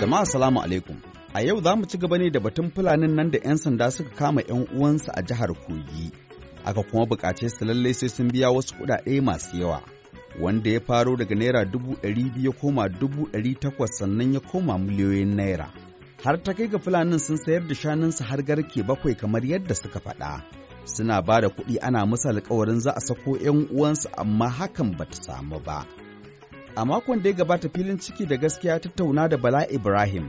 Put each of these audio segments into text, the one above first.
Jama'a salamu alaikum. A yau za mu ci gaba ne da batun fulanin nan da 'yan sanda suka kama 'yan uwansu a jihar Kogi. Aka kuma buƙace su lallai sai sun biya wasu kuɗaɗe masu yawa. Wanda ya faro daga naira dubu ɗari biyu koma dubu ɗari takwas sannan ya koma miliyoyin naira. har ta kai ga fulanin sun sayar da shanunsu har garke bakwai kamar yadda suka faɗa suna ba da kuɗi ana musu alkawarin za a sako 'yan uwansu amma hakan ba ta samu ba a makon da ya gabata filin ciki da gaskiya tattauna da bala ibrahim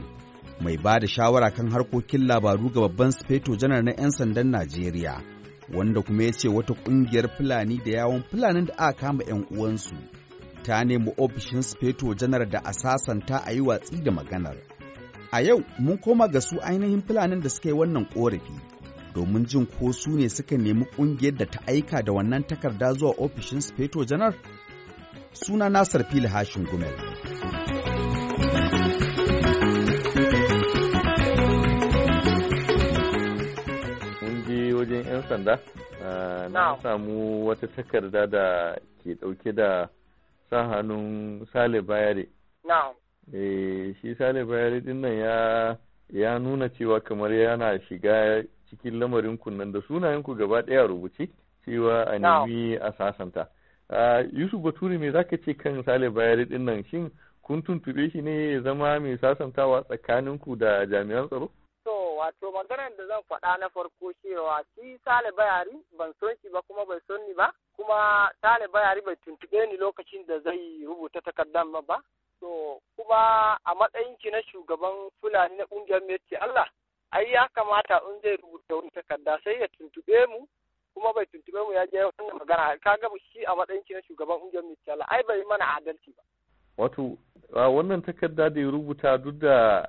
mai ba da shawara kan harkokin labaru ga babban sufeto janar na 'yan sandan najeriya wanda kuma ya ce wata ƙungiyar fulani da yawon fulanin da aka kama 'yan uwansu ta nemi ofishin sufeto janar da a sasanta a yi watsi da maganar A yau mun koma ga su ainihin filanin da suka yi wannan korafi domin jin ko su ne suka nemi kungiyar da ta aika da wannan takarda zuwa ofishin Speto Janar. Suna Nasar Fili Hashin Gumel. Mun wajen 'yan sanda, eh, na samu wata takarda da ke ɗauke da sa hannun Sale Bayare. eh shi sale bayari din nan ya ya nuna cewa kamar yana shiga cikin lamarin kunnan da sunayen ku gaba ɗaya rubuce cewa a nemi a sasanta yusuf baturi me zaka ce kan sale bayari din nan shin kun tuntube shi ne ya zama mai sasantawa tsakanin ku da jami'an tsaro to wato maganar da zan faɗa na farko cewa shi sale bayari ban son shi ba kuma bai son ni ba kuma sale bayari bai tuntube ni lokacin da zai rubuta takardar ba To kuma a matsayinki na shugaban Fulani na ƙungiyar Meti Allah, ai ya kamata in zai rubuta wani takarda sai ya tuntube mu kuma bai tuntube mu ya je wannan magana ka ga shi a matsayin na shugaban ƙungiyar Meti Allah ai bai mana adalci ba. Wato wannan takarda da ya rubuta duk da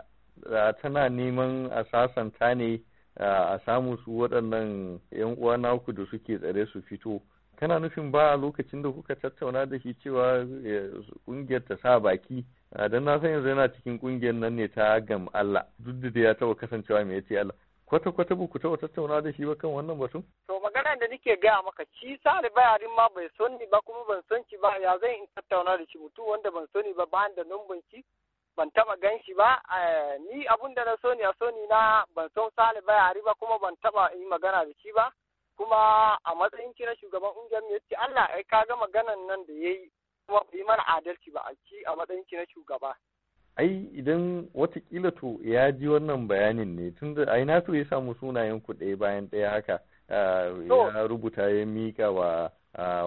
tana neman a sasanta ne a samu su waɗannan 'yan uwa naku da suke tsare su fito. kana nufin ba lokacin da kuka tattauna da shi cewa kungiyar eh, ta sa baki ah, dan na san yanzu yana cikin kungiyar nan ne ta gam Allah duk da ya taba kasancewa me yace Allah kwata kwata ba ku taba tattauna da shi ba kan wannan batun to magana da nake gaya maka shi sare yarin ma bai son ni ba kuma ban son shi ba ya zan in tattauna da shi mutum wanda ban sani ba bayan da numban shi ban taba gan shi ba eh, ni abun da na so ni a so ni na ban son sale bayari ba kuma ban taba yi magana da shi ba kuma a matsayin kira shugaban ƙungiyar mu yace Allah ai ka ga maganan nan da yayi kuma bai mana adalci ba a ci a matsayin kira shugaba ai idan watakila to ya ji wannan bayanin ne tunda ai na so ya samu sunayen ku ɗaya bayan ɗaya haka ya rubuta ya mika wa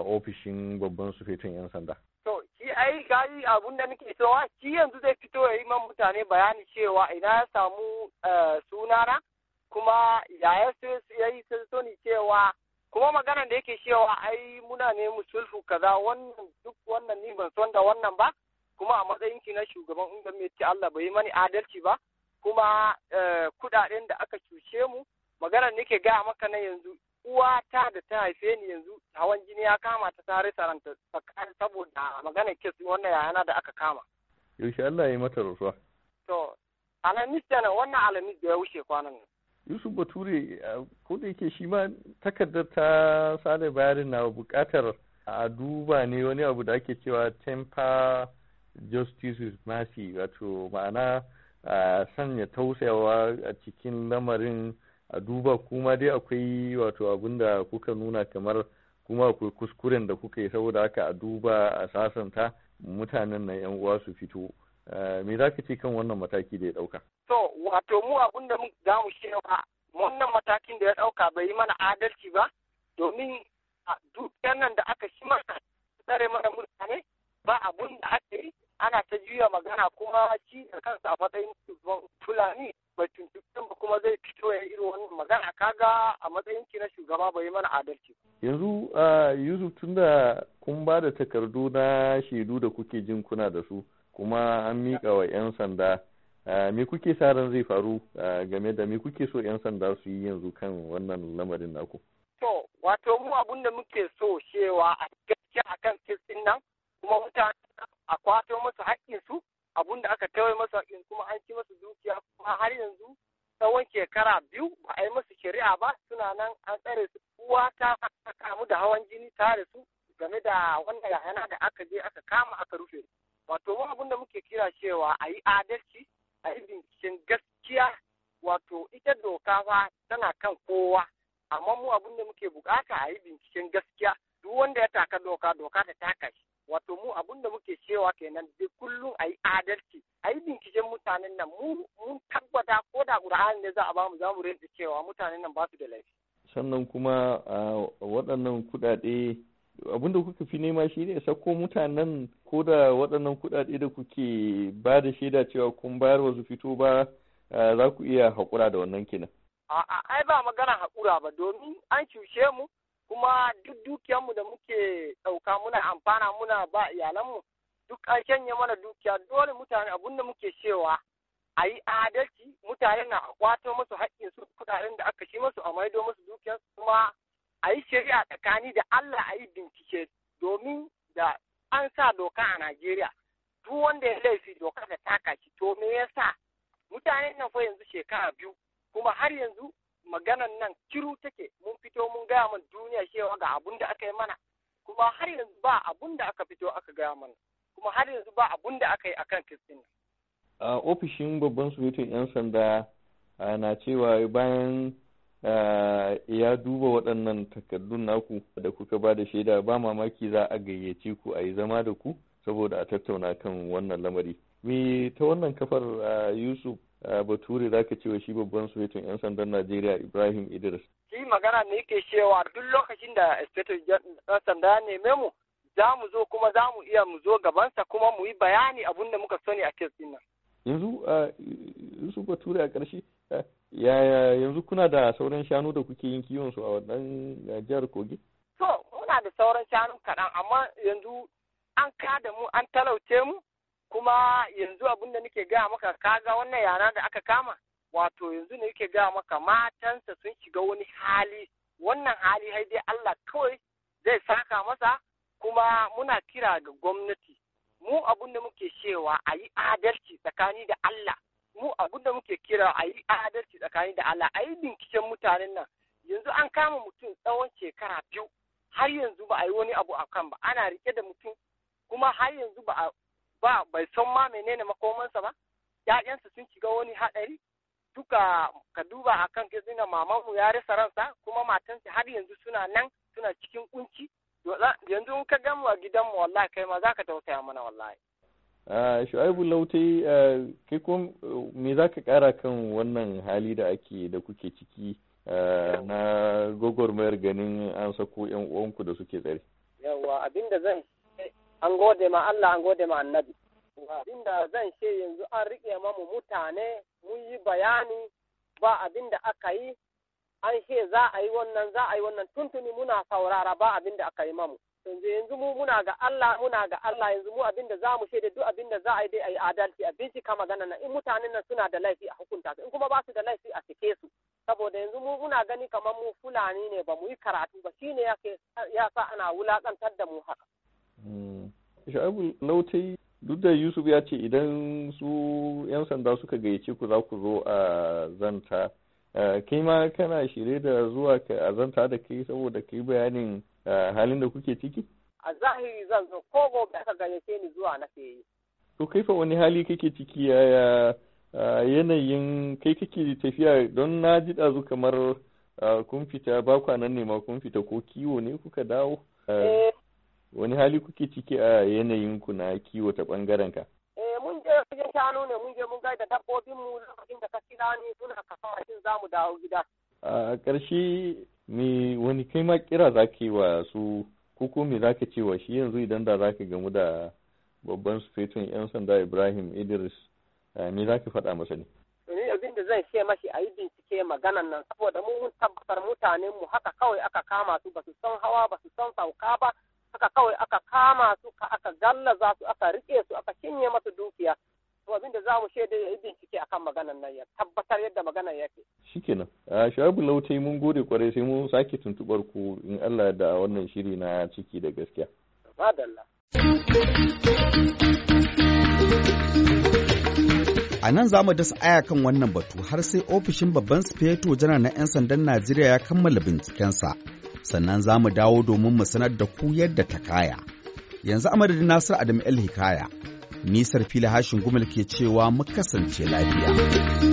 ofishin babban sufetin 'yan sanda. To, shi ai gari abun da nake so shi yanzu zai fito ya yi man mutane bayani cewa ina ya samu eh, sunana kuma yaya ya yi ni cewa kuma maganar da yake cewa ai muna ne mu sulhu kaza wannan duk wannan ni ban son da wannan ba kuma a matsayin ki na shugaban inda mai ce Allah bai mani adalci ba kuma eh, kudaden da aka cuce mu maganar nake gaya maka na yanzu uwa ta da ta haife ni yanzu hawan jini ya kama ta tare saranta saboda maganar kes wannan yayana da aka kama yaushe Allah ya yi mata rufa? to alamis da wannan alamis da ya wuce kwanan nan yusuf bature ko da yake shi ma takardar ta sada bayarin na buƙatar a duba ne wani abu da ake cewa temper justice with mercy wato ma'ana a sanya tausayawa a cikin lamarin a duba kuma dai akwai wato abin da kuka nuna kamar kuma akwai kuskuren da kuka yi saboda haka a duba a sasanta mutanen na yan uwa su fito Eh, me za ka ce kan wannan mataki da ya ɗauka? To, wato mu abin da za mu shi wannan matakin da ya ɗauka bai yi mana adalci ba, domin dukkan nan da aka shi mana tsare mana mutane ba abun da aka yi ana ta juya magana kuma shi da kansa a matsayin fulani bai tuntuɓin ba kuma zai fito ya irin wannan magana kaga a matsayin ki na shugaba bai yi mana adalci. Yanzu eh, Yusuf tunda kun ba da takardu na shaidu da kuke jin kuna da su. kuma an miƙa wa 'yan sanda me kuke sa ran zai faru game da me kuke so 'yan sanda su yi yanzu kan wannan lamarin naku to wato mu abun da muke so cewa a gaskiya akan kirsin nan kuma mutane a kwato musu haƙƙinsu abun da aka kawai masu haƙƙin kuma an ci masu dukiya kuma har yanzu tsawon shekara biyu ba a yi masu shari'a ba suna nan an tsare su uwa ta kamu da hawan jini tare su game da wanda yana da aka je aka kama aka rufe wato mu abin muke kira cewa a yi adalci a yi binciken gaskiya wato ita doka fa tana kan kowa amma mu abin da muke bukata a yi binciken gaskiya duk wanda ya taka doka doka ta taka shi wato mu abin da muke cewa kenan duk kullum a yi adalci a yi binciken mutanen nan mun tabbata ko da ƙur'ani ne za a bamu za mu rinta cewa mutanen nan ba su da laifi sannan kuma waɗannan kuɗaɗe abinda kuka fi nema shi ne sako mutanen ko da waɗannan kuɗaɗe da kuke ba da shaida cewa kun bayar wasu fito ba za ku iya haƙura da wannan kenan. A'a, ai ba magana haƙura ba domin an cuce mu kuma duk dukiyarmu da muke ɗauka muna amfana muna ba iyalanmu duk an shanye mana dukiya dole mutane abun da muke cewa a yi adalci mutane na kwato masu haƙƙin su kuɗaɗen da aka shi masu a maido masu dukiyarsu kuma a yi shari'a tsakani da Allah a yi bincike domin da an sa doka a Najeriya duk wanda ya laifi doka da taka shi to me yasa mutanen nan fa yanzu shekara biyu kuma har yanzu maganan nan kiru take mun fito mun gaya mana duniya cewa ga abun da aka yi mana kuma har yanzu ba abun da aka fito aka gaya mana kuma har yanzu ba abun da aka yi akan kristin nan. ofishin babban surutun 'yan sanda na cewa bayan Eh, ya duba waɗannan takardun naku da kuka ba da shaida ba mamaki za a gayyace ku a yi zama da ku saboda a tattauna kan wannan lamari me ta wannan kafar eh, yusuf eh, bature za ka cewa shi babban sufetun 'yan sandan najeriya ibrahim idris shi magana ne yake cewa duk lokacin da sufetun 'yan sanda ya neme mu za mu zo kuma za mu iya mu zo gabansa kuma mu yi bayani abun da muka sani a kes nan yanzu yusuf bature a ƙarshe Yaya yanzu kuna da sauran shanu da kuke yin kiwon su a wannan jihar Kogi? To, muna da sauran shanu kaɗan amma yanzu an kada mu an talauce mu kuma yanzu abin da nake gaya maka kaga wannan yara da aka kama wato yanzu ne nake gaya maka matansa sun shiga wani hali wannan hali har dai Allah kawai zai saka masa kuma muna kira ga gwamnati mu abin da muke cewa a yi adalci tsakani da Allah mu abinda muke kira a yi adalci tsakanin da Allah a yi binciken mutanen nan yanzu an kama mutum tsawon shekara biyu har yanzu ba a yi wani abu a kan ba ana rike da mutum kuma har yanzu ba ba bai san ma menene makomansa ba ƴaƴansa sun shiga wani haɗari duka ka duba akan gizina mamanmu ya rasa ransa kuma matansa har yanzu suna nan suna cikin kunci yanzu in ka gamu a gidanmu wallahi kai ma za ka tausaya mana wallahi Shu'aibu Laute kai kuma me za ka kara kan wannan hali da ake da kuke ciki na gwagwarmayar ganin an sako 'yan uwanku da suke tsare? Yawwa abinda zan an gode ma Allah an gode ma annabi. Abinda zan ce yanzu an riƙe mamu mutane mun yi bayani ba abinda aka yi an ce za a yi wannan za a yi wannan tuntuni muna saurara ba abinda aka yi mamu. yanzu yanzu mu muna ga Allah muna ga Allah yanzu mu za mu shaida duk abinda za a yi dai yi adalci a bincika magana na in mutanen nan suna da laifi a hukunta su in kuma ba su da laifi a sike su saboda yanzu mu muna gani kamar mu fulani ne ba mu yi karatu ba shine yake ya sa ana wulakantar da mu haka hmm. Shu'abu Nautai duk da Yusuf ya ce idan su 'yan sanda suka gayyace ku za ku zo a zanta eh, kai ma kana shirye da zuwa ka zanta da kai saboda kai bayanin halin da kuke ciki? A zahiri zan zo ko gobe aka gayyace ni zuwa na yi. To kai fa wani hali kake ciki ya yanayin kai kake tafiya don na ji ɗazu kamar kun fita ba kwanan ne ma kun fita ko kiwo ne kuka dawo? Eh. Wani hali kuke ciki a yanayin ku na kiwo ta ɓangaren ka? Eh mun je wajen shanu ne mun je mun gaida dabbobin mu lokacin da ka kira ni suna kasa shin za mu dawo gida. A ƙarshe ni wani kai ma kira za ka yi wa su kuku me za ka ce wa shi yanzu idan da za ka gamu da babban sufetun 'yan sanda ibrahim idris eh, me za ka faɗa masa ne ni abin da zan ce mashi a yi bincike maganan nan saboda mun tabbatar mutanen mu haka kawai aka kama su ba su san hawa ba su san sauka ba haka kawai aka kama su ka aka gallaza su aka rike su aka cinye masu dukiya to abin da za mu shaida ya yi bincike akan maganan nan ya tabbatar yadda maganan yake shikenan Shabu Lautai mun gode kwarai sai mun sake tuntubar ku in Allah da wannan shiri na ciki da gaskiya. A nan za mu dasa aya kan wannan batu har sai ofishin babban sufeto janar na 'yan sandan Najeriya ya kammala bincikensa, sannan za mu dawo domin mu sanar da ku yadda ta kaya. Yanzu a madadin Nasir Adam El Hikaya, nisar fili hashin gumal ke cewa mu kasance lafiya.